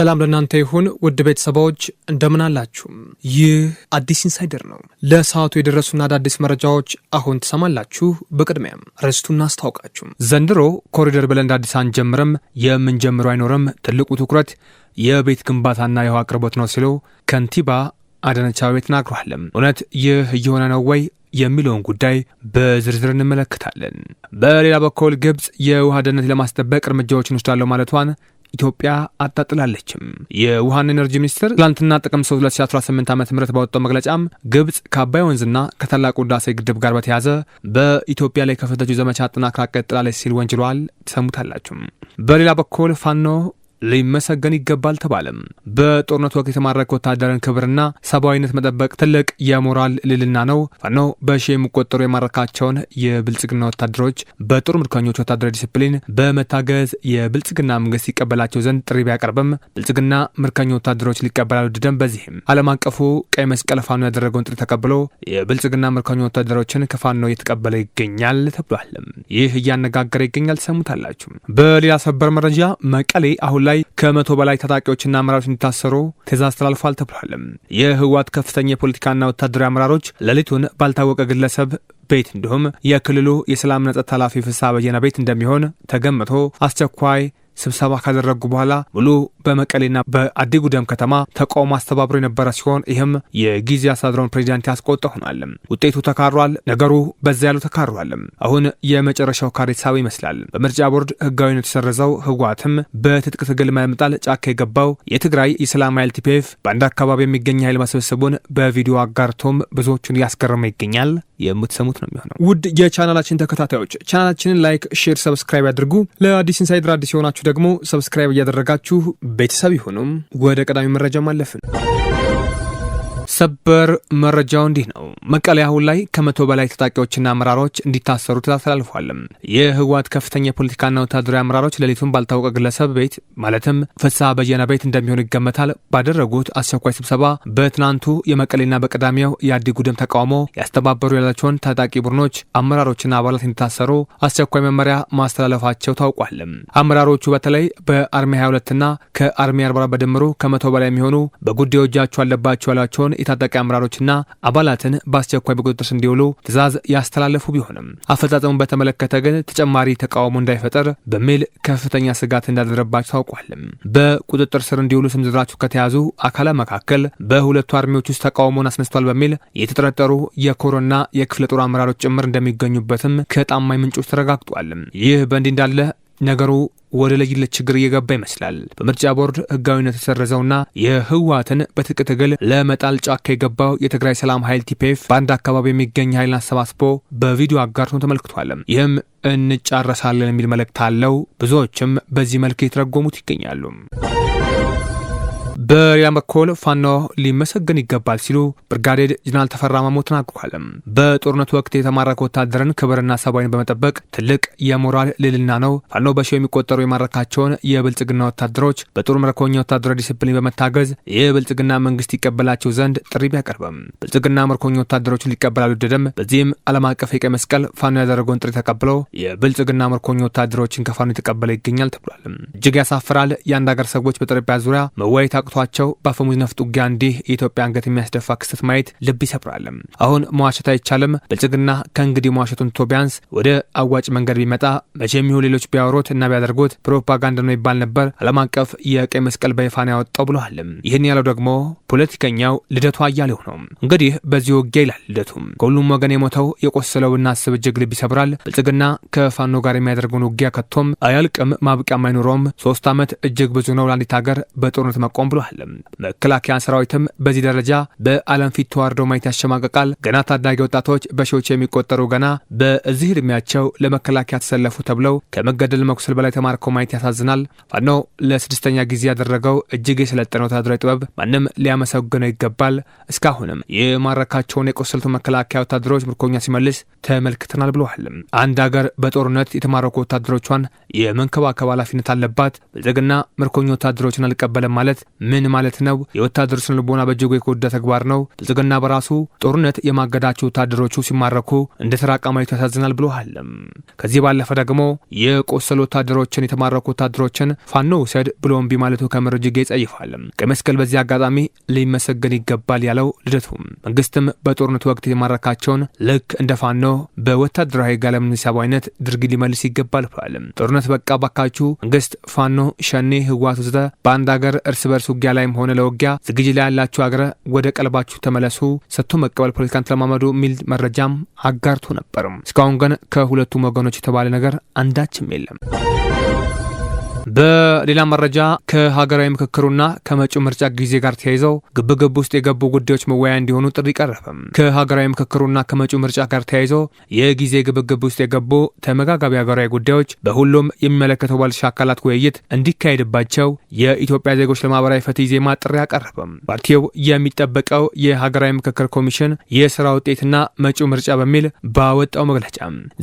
ሰላም ለእናንተ ይሁን ውድ ቤተሰባዎች እንደምን አላችሁ? ይህ አዲስ ኢንሳይደር ነው። ለሰዓቱ የደረሱና አዳዲስ መረጃዎች አሁን ትሰማላችሁ። በቅድሚያም ርዕስቱን አስታውቃችሁ ዘንድሮ ኮሪደር ብለን ዳዲስ አንጀምርም፣ የምንጀምረው አይኖርም፣ ትልቁ ትኩረት የቤት ግንባታና የውሃ አቅርቦት ነው ሲሉ ከንቲባ አዳነች አቤቤ ተናግረዋል። እውነት ይህ እየሆነ ነው ወይ የሚለውን ጉዳይ በዝርዝር እንመለከታለን። በሌላ በኩል ግብፅ የውሃ ደህንነት ለማስጠበቅ እርምጃዎችን ወስዳለሁ ማለቷን ኢትዮጵያ አጣጥላለችም። የውሃን ኤነርጂ ሚኒስቴር ትላንትና ጥቅም 3 2018 ዓ ም ባወጣው መግለጫም ግብጽ ከአባይ ወንዝና ከታላቁ ህዳሴ ግድብ ጋር በተያዘ በኢትዮጵያ ላይ ከፈተችው ዘመቻ አጠናክራ ቀጥላለች ሲል ወንጅሏል። ትሰሙታላችሁም። በሌላ በኩል ፋኖ ሊመሰገን ይገባል ተባለም። በጦርነት ወቅት የተማረከ ወታደርን ክብርና ሰብአዊነት መጠበቅ ትልቅ የሞራል ልልና ነው። ፋኖ በሺ የሚቆጠሩ የማረካቸውን የብልጽግና ወታደሮች በጦር ምርኮኞች ወታደራዊ ዲስፕሊን በመታገዝ የብልጽግና መንግስት ይቀበላቸው ዘንድ ጥሪ ቢያቀርብም ብልጽግና ምርኮኛ ወታደሮች ሊቀበል አልወደደም። በዚህም ዓለም አቀፉ ቀይ መስቀል ፋኖ ያደረገውን ጥሪ ተቀብሎ የብልጽግና ምርኮኛ ወታደሮችን ከፋኖ እየተቀበለ ይገኛል ተብሏል። ይህ እያነጋገረ ይገኛል። ሰሙታላችሁ። በሌላ ሰበር መረጃ መቀሌ አሁን ላይ ከመቶ በላይ ታጣቂዎችና አመራሮች እንዲታሰሩ ትእዛዝ ተላልፏል ተብሏል። የህወሓት ከፍተኛ የፖለቲካና ወታደራዊ አመራሮች ሌሊቱን ባልታወቀ ግለሰብ ቤት እንዲሁም የክልሉ የሰላምና ጸጥታ ኃላፊ ፍስሐ በየነ ቤት እንደሚሆን ተገምቶ አስቸኳይ ስብሰባ ካደረጉ በኋላ ሙሉ በመቀሌና በአዲጉደም ከተማ ተቃውሞ አስተባብሮ የነበረ ሲሆን ይህም የጊዜ አስተዳደሩን ፕሬዚዳንት ያስቆጠ ሆኗል። ውጤቱ ተካሯል። ነገሩ በዛ ያሉ ተካሯል። አሁን የመጨረሻው ካሬ ይመስላል። በምርጫ ቦርድ ህጋዊነት የተሰረዘው ህወሓትም በትጥቅ ትግል ማምጣል ጫካ የገባው የትግራይ የሰላም ኃይል ቲፒኤፍ በአንድ አካባቢ የሚገኝ ኃይል መሰብሰቡን በቪዲዮ አጋርቶም ብዙዎቹን እያስገረመ ይገኛል። የምትሰሙት ነው የሚሆነው። ውድ የቻናላችን ተከታታዮች ቻናላችንን ላይክ፣ ሼር፣ ሰብስክራይብ ያድርጉ። ለአዲስ ኢንሳይደር አዲስ የሆናችሁ ደግሞ ሰብስክራይብ እያደረጋችሁ ቤተሰብ ይሁኑም። ወደ ቀዳሚ መረጃ ማለፍን ሰበር መረጃው እንዲህ ነው። መቀሌ አሁን ላይ ከመቶ በላይ ታጣቂዎችና አመራሮች እንዲታሰሩ ትዕዛዝ ተላልፏል። የህወሓት ከፍተኛ የፖለቲካና ወታደራዊ አመራሮች ሌሊቱን ባልታወቀ ግለሰብ ቤት ማለትም ፍስሐ በየነ ቤት እንደሚሆን ይገመታል ባደረጉት አስቸኳይ ስብሰባ በትናንቱ የመቀሌና በቀዳሚያው የአዲ ጉደም ተቃውሞ ያስተባበሩ ያላቸውን ታጣቂ ቡድኖች አመራሮችና አባላት እንዲታሰሩ አስቸኳይ መመሪያ ማስተላለፋቸው ታውቋል። አመራሮቹ በተለይ በአርሚ 22ና ከአርሚ 44 በድምሩ ከመቶ በላይ የሚሆኑ በጉዳዩ አለባቸው ያላቸውን የታጣቂ አመራሮችና አባላትን በአስቸኳይ በቁጥጥር ስር እንዲውሉ ትዕዛዝ ያስተላለፉ ቢሆንም አፈጻጸሙን በተመለከተ ግን ተጨማሪ ተቃውሞ እንዳይፈጠር በሚል ከፍተኛ ስጋት እንዳደረባቸው ታውቋል። በቁጥጥር ስር እንዲውሉ ስም ዝርዝራቸው ከተያዙ አካላት መካከል በሁለቱ አርሚዎች ውስጥ ተቃውሞን አስነስቷል በሚል የተጠረጠሩ የኮሮና የክፍለ ጦር አመራሮች ጭምር እንደሚገኙበትም ከጣማኝ ምንጮች ተረጋግጧል። ይህ በእንዲህ እንዳለ ነገሩ ወደ ለይለት ችግር እየገባ ይመስላል። በምርጫ ቦርድ ህጋዊነት የሰረዘውና የህወሓትን በትጥቅ ትግል ለመጣል ጫካ የገባው የትግራይ ሰላም ኃይል ቲፒኤፍ በአንድ አካባቢ የሚገኝ ኃይልን አሰባስቦ በቪዲዮ አጋርቶ ተመልክቷል። ይህም እንጫረሳለን የሚል መልእክት አለው። ብዙዎችም በዚህ መልክ የተረጎሙት ይገኛሉ። በሌላ በኩል ፋኖ ሊመሰገን ይገባል ሲሉ ብርጋዴር ጀነራል ተፈራ ማሞ ተናግሯል። በጦርነቱ ወቅት የተማረከ ወታደርን ክብርና ሰብአዊን በመጠበቅ ትልቅ የሞራል ልልና ነው። ፋኖ በሺ የሚቆጠሩ የማረካቸውን የብልጽግና ወታደሮች በጦር ምርኮኛ ወታደሮች ዲስፕሊን በመታገዝ የብልጽግና መንግስት ይቀበላቸው ዘንድ ጥሪ ቢያቀርብም ብልጽግና ምርኮኛ ወታደሮችን ሊቀበል አልወደደም። በዚህም ዓለም አቀፍ የቀይ መስቀል ፋኖ ያደረገውን ጥሪ ተቀብለው የብልጽግና ምርኮኛ ወታደሮችን ከፋኖ የተቀበለ ይገኛል ተብሏል። እጅግ ያሳፍራል። የአንድ ሀገር ሰዎች በጠረጴዛ ዙሪያ መወያየት አቅቷቸው በአፈሙዝ ነፍጥ ውጊያ እንዲህ የኢትዮጵያ አንገት የሚያስደፋ ክስተት ማየት ልብ ይሰብራልም። አሁን መዋሸት አይቻልም። ብልጽግና ከእንግዲህ መዋሸቱን ትቶ ቢያንስ ወደ አዋጭ መንገድ ቢመጣ መቼ ይሁን ሌሎች ቢያወሩት እና ቢያደርጉት ፕሮፓጋንዳ ነው ይባል ነበር። ዓለም አቀፍ የቀይ መስቀል በይፋን ያወጣው ብለዋልም። ይህን ያለው ደግሞ ፖለቲከኛው ልደቱ አያሌው ነው። እንግዲህ በዚህ ውጊያ ይላል ልደቱም ከሁሉም ወገን የሞተው የቆሰለው ብናስብ እጅግ ልብ ይሰብራል። ብልጽግና ከፋኖ ጋር የሚያደርገውን ውጊያ ከቶም አያልቅም፣ ማብቂያም አይኖረውም። ሶስት ዓመት እጅግ ብዙ ነው ለአንዲት ሀገር በጦርነት መቆም ብሎ ብሏል። መከላከያ ሰራዊትም በዚህ ደረጃ በዓለም ፊት ተዋርዶ ማየት ያሸማቀቃል። ገና ታዳጊ ወጣቶች በሺዎች የሚቆጠሩ ገና በዚህ ዕድሜያቸው ለመከላከያ ተሰለፉ ተብለው ከመገደል መቁሰል በላይ ተማርከው ማየት ያሳዝናል። ፋኖ ለስድስተኛ ጊዜ ያደረገው እጅግ የሰለጠነ ወታደራዊ ጥበብ ማንም ሊያመሰግነው ይገባል። እስካሁንም የማረካቸውን የቆሰሉት መከላከያ ወታደሮች ምርኮኛ ሲመልስ ተመልክተናል ብለዋል። አንድ ሀገር በጦርነት የተማረኩ ወታደሮቿን የመንከባከብ ኃላፊነት አለባት። ብልጽግና ምርኮኛ ወታደሮችን አልቀበለም ማለት ምን ማለት ነው? የወታደር ስነ ልቦና በእጅጉ የጎዳ ተግባር ነው። ብልጽግና በራሱ ጦርነት የማገዳቸው ወታደሮቹ ሲማረኩ እንደ ተራ ቃማዊቱ ያሳዝናል ብሎሃለም። ከዚህ ባለፈ ደግሞ የቆሰሉ ወታደሮችን የተማረኩ ወታደሮችን ፋኖ ውሰድ ብሎ እምቢ ማለቱ ከምር እጅግ ይጸይፋል። ቀይ መስቀል በዚህ አጋጣሚ ሊመሰገን ይገባል ያለው ልደቱ፣ መንግስትም በጦርነቱ ወቅት የማረካቸውን ልክ እንደ ፋኖ በወታደራዊ ጋለምንሳባዊነት ድርጊት ሊመልስ ይገባል ብሏል። ጦርነት በቃ ባካችሁ መንግስት፣ ፋኖ፣ ሸኔ፣ ህዋት ወዘተ በአንድ ሀገር እርስ በርስ ውጊያ ላይም ሆነ ለውጊያ ዝግጅት ላይ ያላችሁ አገረ ወደ ቀልባችሁ ተመለሱ፣ ሰጥቶ መቀበል ፖለቲካን ተለማመዱ የሚል መረጃም አጋርቶ ነበርም። እስካሁን ግን ከሁለቱም ወገኖች የተባለ ነገር አንዳችም የለም። በሌላ መረጃ ከሀገራዊ ምክክሩና ከመጪው ምርጫ ጊዜ ጋር ተያይዘው ግብግብ ውስጥ የገቡ ጉዳዮች መወያያ እንዲሆኑ ጥሪ ቀረበ። ከሀገራዊ ምክክሩና ከመጪው ምርጫ ጋር ተያይዘው የጊዜ ግብግብ ውስጥ የገቡ ተመጋጋቢ ሀገራዊ ጉዳዮች በሁሉም የሚመለከተው ባለድርሻ አካላት ውይይት እንዲካሄድባቸው የኢትዮጵያ ዜጎች ለማህበራዊ ፍትህ ኢዜማ ጥሪ አቀረበ። ፓርቲው የሚጠበቀው የሀገራዊ ምክክር ኮሚሽን የስራ ውጤትና መጪው ምርጫ በሚል ባወጣው መግለጫ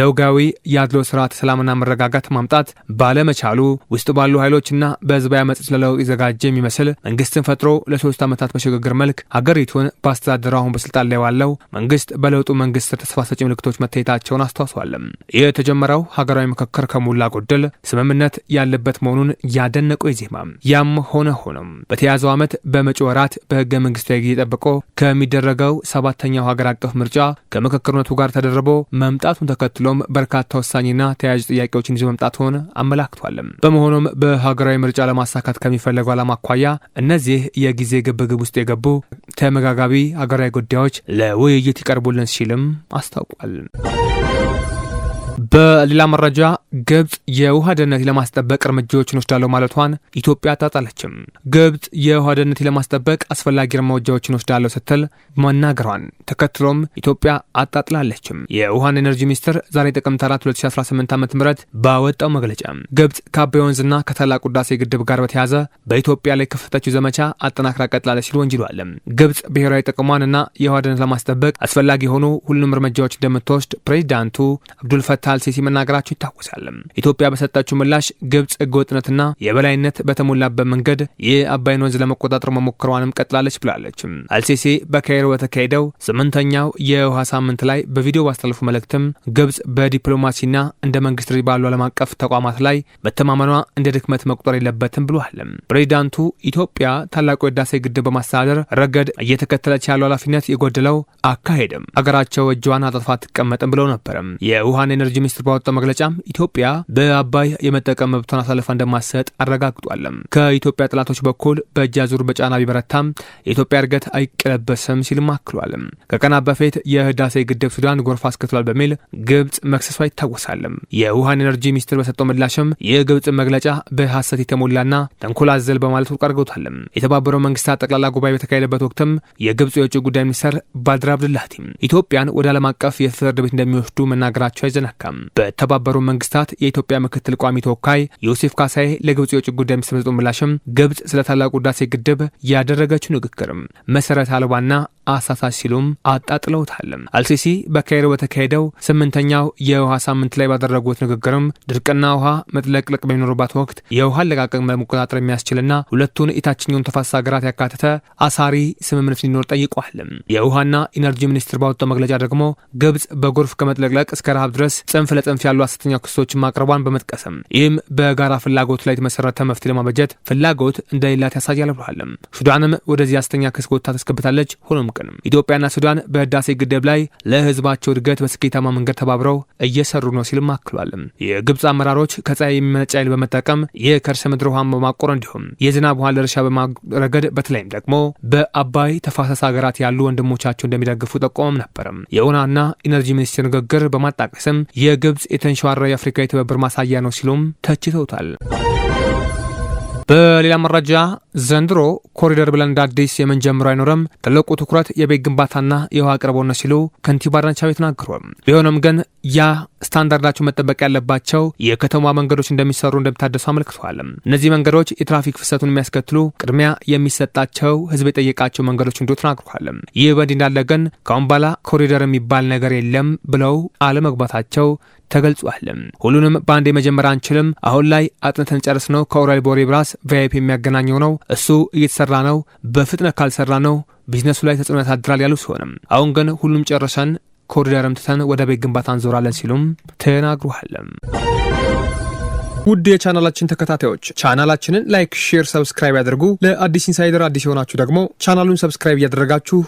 ዘውጋዊ የአድሎ ስርዓት ሰላምና መረጋጋት ማምጣት ባለመቻሉ ውስጥ ውስጥ ባሉ ኃይሎችና በህዝብ አመጽ ለለውጥ የዘጋጀ የሚመስል መንግስትን ፈጥሮ ለሶስት ዓመታት በሽግግር መልክ ሀገሪቱን በአስተዳደሩ አሁን በስልጣን ላይ ባለው መንግስት በለውጡ መንግስት ስር ተስፋ ሰጪ ምልክቶች መታየታቸውን አስተዋስዋል። ይህ የተጀመረው ሀገራዊ ምክክር ከሞላ ጎደል ስምምነት ያለበት መሆኑን ያደነቁ ኢዜማ ያም ሆነ ሆኖም በተያዘው ዓመት በመጪ ወራት በህገ መንግስታዊ ጊዜ ጠብቆ ከሚደረገው ሰባተኛው ሀገር አቀፍ ምርጫ ከምክክርነቱ ጋር ተደርቦ መምጣቱን ተከትሎም በርካታ ወሳኝና ተያያዥ ጥያቄዎችን ይዞ መምጣት ሆን አመላክቷል። በመሆኑ ሆኖም በሀገራዊ ምርጫ ለማሳካት ከሚፈለጉ ዓላማ አኳያ እነዚህ የጊዜ ግብግብ ውስጥ የገቡ ተመጋጋቢ ሀገራዊ ጉዳዮች ለውይይት ይቀርቡልን ሲልም አስታውቋል። በሌላ መረጃ ግብጽ የውሃ ደህንነት ለማስጠበቅ እርምጃዎችን ወስዳለሁ ማለቷን ኢትዮጵያ አጣጣለችም። ግብጽ የውሃ ደህንነት ለማስጠበቅ አስፈላጊ እርምጃዎችን ወስዳለሁ ስትል መናገሯን ተከትሎም ኢትዮጵያ አጣጥላለችም። የውሃና ኤነርጂ ሚኒስቴር ዛሬ ጥቅምት 4 2018 ዓ ም ባወጣው መግለጫ ግብጽ ከአባይ ወንዝና ከታላቁ ህዳሴ ግድብ ጋር በተያያዘ በኢትዮጵያ ላይ ከፈተችው ዘመቻ አጠናክራ ቀጥላለች ሲል ወንጅሏል። ግብጽ ብሔራዊ ጥቅሟንና የውሃ ደህንነት ለማስጠበቅ አስፈላጊ የሆኑ ሁሉም እርምጃዎች እንደምትወስድ ፕሬዚዳንቱ አብዱልፈታ አልሲሲ መናገራቸው ይታወሳል። ኢትዮጵያ በሰጠችው ምላሽ ግብጽ ህገወጥነትና የበላይነት በተሞላበት መንገድ የአባይን ወንዝ ለመቆጣጠር መሞከሯንም ቀጥላለች ብላለች። አልሲሲ በካይሮ በተካሄደው ስምንተኛው የውሃ ሳምንት ላይ በቪዲዮ ባስተላለፉ መልእክትም ግብጽ በዲፕሎማሲና እንደ መንግስት ባሉ ዓለም አቀፍ ተቋማት ላይ መተማመኗ እንደ ድክመት መቁጠር የለበትም ብሏል። ፕሬዚዳንቱ ኢትዮጵያ ታላቁ የህዳሴ ግድብ በማስተዳደር ረገድ እየተከተለች ያለው ኃላፊነት የጎደለው አካሄድም አገራቸው እጇን አጣጥፋ አትቀመጥም ብለው ነበርም የውሃን ኤነርጂ ሚኒስትር ባወጣው መግለጫ ኢትዮጵያ በአባይ የመጠቀም መብቷን አሳልፋ እንደማሰጥ አረጋግጧል። ከኢትዮጵያ ጠላቶች በኩል በእጅ አዙር በጫና ቢበረታም የኢትዮጵያ እድገት አይቀለበስም ሲልም አክሏል። ከቀናት በፊት የህዳሴ ግድብ ሱዳን ጎርፍ አስከትሏል በሚል ግብጽ መክሰሷ ይታወሳል። የውሃን ኤነርጂ ሚኒስትር በሰጠው ምላሽም የግብፅ መግለጫ በሐሰት የተሞላና ተንኮል አዘል በማለት ውድቅ አድርገውታል። የተባበረው መንግስታት ጠቅላላ ጉባኤ በተካሄደበት ወቅትም የግብጽ የውጭ ጉዳይ ሚኒስትር ባድር አብድላቲ ኢትዮጵያን ወደ ዓለም አቀፍ የፍርድ ቤት እንደሚወስዱ መናገራቸው አይዘነካም። በተባበሩ መንግስታት የኢትዮጵያ ምክትል ቋሚ ተወካይ ዮሴፍ ካሳይ ለግብጽ የውጭ ጉዳይ ሚኒስትር በሰጡት ምላሽም ግብጽ ስለ ታላቁ ህዳሴ ግድብ ያደረገችው ንግግርም መሰረት አልባና አሳሳች ሲሉም አጣጥለውታል። አልሲሲ በካይሮ በተካሄደው ስምንተኛው የውሃ ሳምንት ላይ ባደረጉት ንግግርም ድርቅና ውሃ መጥለቅለቅ በሚኖሩባት ወቅት የውሃ አለቃቀቅ መቆጣጠር የሚያስችልና ሁለቱን የታችኛውን ተፋሰስ ሀገራት ያካተተ አሳሪ ስምምነት እንዲኖር ጠይቋል። የውሃና ኢነርጂ ሚኒስትር ባወጣው መግለጫ ደግሞ ግብፅ በጎርፍ ከመጥለቅለቅ እስከ ረሃብ ድረስ ጽንፍ ጽንፍ ለጽንፍ ያሉ ሐሰተኛ ክሶችን ማቅረቧን በመጥቀስም ይህም በጋራ ፍላጎት ላይ የተመሰረተ መፍትሄ ለማበጀት ፍላጎት እንደሌላት ያሳያል ብለዋልም። ሱዳንም ወደዚህ ሐሰተኛ ክስ ጎታ ተስገብታለች። ሆኖም ግን ኢትዮጵያና ሱዳን በህዳሴ ግድብ ላይ ለህዝባቸው እድገት በስኬታማ መንገድ ተባብረው እየሰሩ ነው ሲልም አክሏል። የግብፅ አመራሮች ከፀሐይ የሚመነጭ ኃይል በመጠቀም የከርሰ ምድር ውሃን በማቆር እንዲሁም የዝናብ ውሃን ለእርሻ በማረገድ በተለይም ደግሞ በአባይ ተፋሰስ ሀገራት ያሉ ወንድሞቻቸው እንደሚደግፉ ጠቆመም ነበርም። የውሃና ኢነርጂ ሚኒስቴር ንግግር በማጣቀስም ግብጽ የተንሸዋረው የአፍሪካ የትብብር ማሳያ ነው ሲሉም ተችተውታል። በሌላ መረጃ ዘንድሮ ኮሪደር ብለን እንደ አዲስ የምንጀምረው አይኖርም፣ ትልቁ ትኩረት የቤት ግንባታና የውሃ አቅርቦት ነው ሲሉ ከንቲባ አዳነች አቤቤ ተናግረዋል። ቢሆንም ግን ያ ስታንዳርዳቸው መጠበቅ ያለባቸው የከተማ መንገዶች እንደሚሰሩ እንደሚታደሱ አመልክተዋል። እነዚህ መንገዶች የትራፊክ ፍሰቱን የሚያስከትሉ ቅድሚያ የሚሰጣቸው ህዝብ የጠየቃቸው መንገዶች እንዲሁ ተናግሯል። ይህ በእንዲህ እንዳለ ግን ከአሁን በኋላ ኮሪደር የሚባል ነገር የለም ብለው አለመግባታቸው ተገልጿል። ሁሉንም በአንድ የመጀመር አንችልም። አሁን ላይ አጥንተን ጨርስ ነው። ከኦራል ቦሬ ብራስ ቪይፒ የሚያገናኘው ነው። እሱ እየተሰራ ነው። በፍጥነት ካልሰራ ነው ቢዝነሱ ላይ ተጽዕኖ ያሳድራል ያሉ ሲሆንም አሁን ግን ሁሉም ጨርሰን ኮሪደርም ትተን ወደ ቤት ግንባታ እንዞራለን ሲሉም ተናግሯል። ውድ የቻናላችን ተከታታዮች ቻናላችንን ላይክ፣ ሼር፣ ሰብስክራይብ ያድርጉ። ለአዲስ ኢንሳይደር አዲስ የሆናችሁ ደግሞ ቻናሉን ሰብስክራይብ እያደረጋችሁ